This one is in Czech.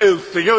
El señor